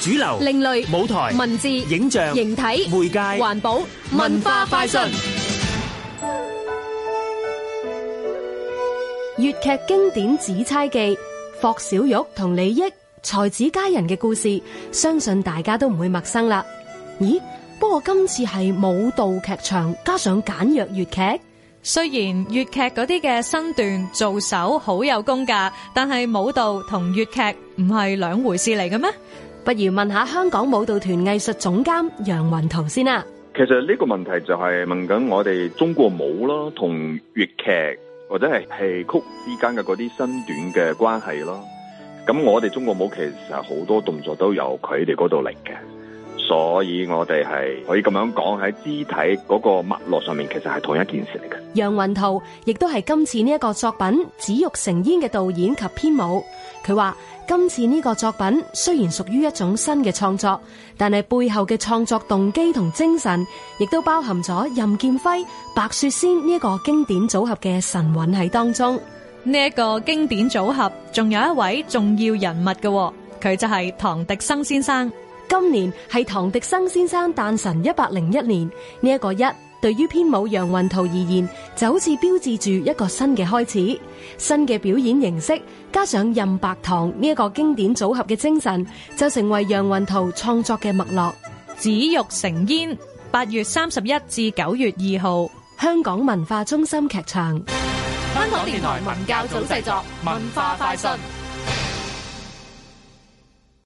主流、另類、舞台、文字、影像、形體、媒介、環保、文化快訊。粵劇經典《紫釵記》，霍小玉同李益才子佳人嘅故事，相信大家都唔會陌生啦。咦？不過今次係舞蹈劇場加上簡約粵劇，雖然粵劇嗰啲嘅身段做手好有功架，但係舞蹈同粵劇唔係兩回事嚟嘅咩？不如問下香港舞蹈團藝術總監楊雲濤先啦、啊。其實呢個問題就係問緊我哋中國舞咯，同粵劇或者係戲曲之間嘅嗰啲身段嘅關係咯。咁我哋中國舞其實好多動作都由佢哋嗰度嚟嘅，所以我哋係可以咁樣講，喺肢體嗰個脈絡上面，其實係同一件事嚟嘅。楊雲濤亦都係今次呢一個作品《紫玉成煙》嘅導演及編舞。佢話今次呢個作品雖然屬於一種新嘅創作，但係背後嘅創作動機同精神，亦都包含咗任劍輝、白雪仙呢個經典組合嘅神韻喺當中。呢一個經典組合仲有一位重要人物嘅，佢就係唐滌生先生。今年係唐迪生先生誕辰一百零一年，呢、這、一個一對於編舞楊雲圖而言，就好似標誌住一個新嘅開始。新嘅表演形式，加上任白唐呢一個經典組合嘅精神，就成為楊雲圖創作嘅脈絡。紫玉成煙，八月三十一至九月二號，香港文化中心劇場。香港電台文教組製作，文化快訊。